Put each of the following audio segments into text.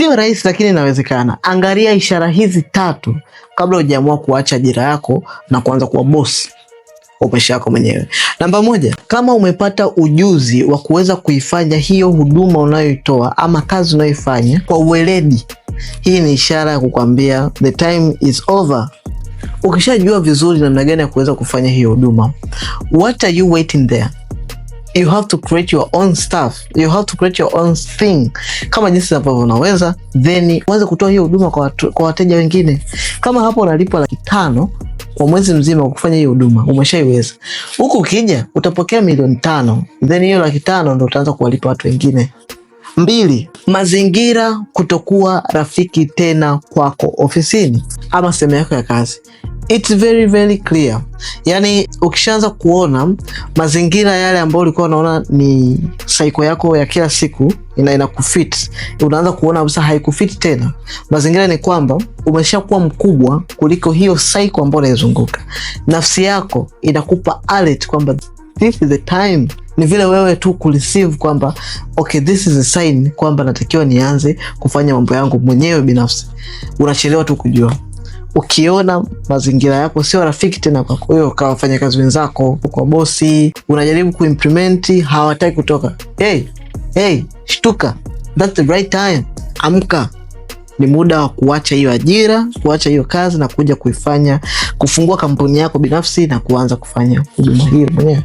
Sio rahisi, lakini inawezekana. Angalia ishara hizi tatu kabla hujaamua kuacha ajira yako na kuanza kuwa bosi wa maisha yako mwenyewe. Namba moja, kama umepata ujuzi wa kuweza kuifanya hiyo huduma unayoitoa ama kazi unayoifanya kwa uweledi, hii ni ishara ya kukwambia the time is over. Ukishajua vizuri namna gani ya kuweza kufanya hiyo huduma, what are you waiting there? you have to create your own stuff, you have to create your own thing, kama jinsi ambavyo unaweza then uweze kutoa hiyo huduma kwa, kwa wateja wengine. Kama hapo unalipa laki tano kwa mwezi mzima kufanya hiyo huduma umeshaiweza. Huku ukija utapokea milioni tano, then hiyo laki tano ndio utaanza kuwalipa watu wengine. Mbili, mazingira kutokuwa rafiki tena kwako ofisini ama sehemu yako ya kazi it's very very clear. Yani ukishaanza kuona mazingira yale ambayo ulikuwa unaona ni saiko yako ya kila siku ina kufit, unaanza kuona kabisa haikufit tena. Mazingira ni kwamba umeshakuwa mkubwa kuliko hiyo saiko ambayo unaizunguka. Nafsi yako inakupa alert kwamba this is the time ni vile wewe tu kureceive kwamba okay, this is a sign kwamba natakiwa nianze kufanya mambo yangu mwenyewe binafsi. Unachelewa tu kujua ukiona mazingira yako sio rafiki tena kwako wewe, kwa wafanyakazi wenzako, kwa bosi, unajaribu kuimplement, hawataki kutoka. Hey, hey, shtuka, that's the right time. Amka, ni muda wa kuacha hiyo ajira, kuacha hiyo kazi na kuja kuifanya, kufungua kampuni yako binafsi na kuanza kufanya huduma hiyo mwenyewe.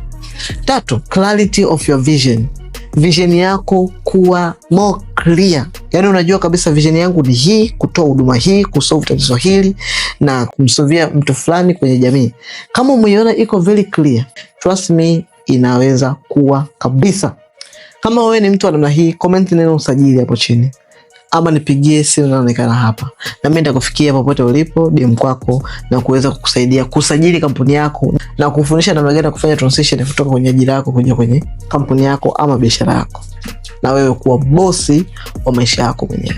Tatu, clarity of your vision, vision yako kuwa more clear, yani unajua kabisa vision yangu ni hii, kutoa huduma hii, kusolve tatizo hili na kumsovia mtu fulani kwenye jamii. Kama umeiona iko very clear, trust me, inaweza kuwa kabisa. Kama wewe ni mtu wa namna hii, comment neno usajili hapo chini ama nipigie simu inaonekana hapa, na mimi nitakufikia popote ulipo DM kwako na kuweza kukusaidia kusajili kampuni yako na kufundisha namna gani ya kufanya transition kutoka kwenye ajira yako kuja kwenye kampuni yako ama biashara yako na wewe kuwa bosi wa maisha yako mwenyewe.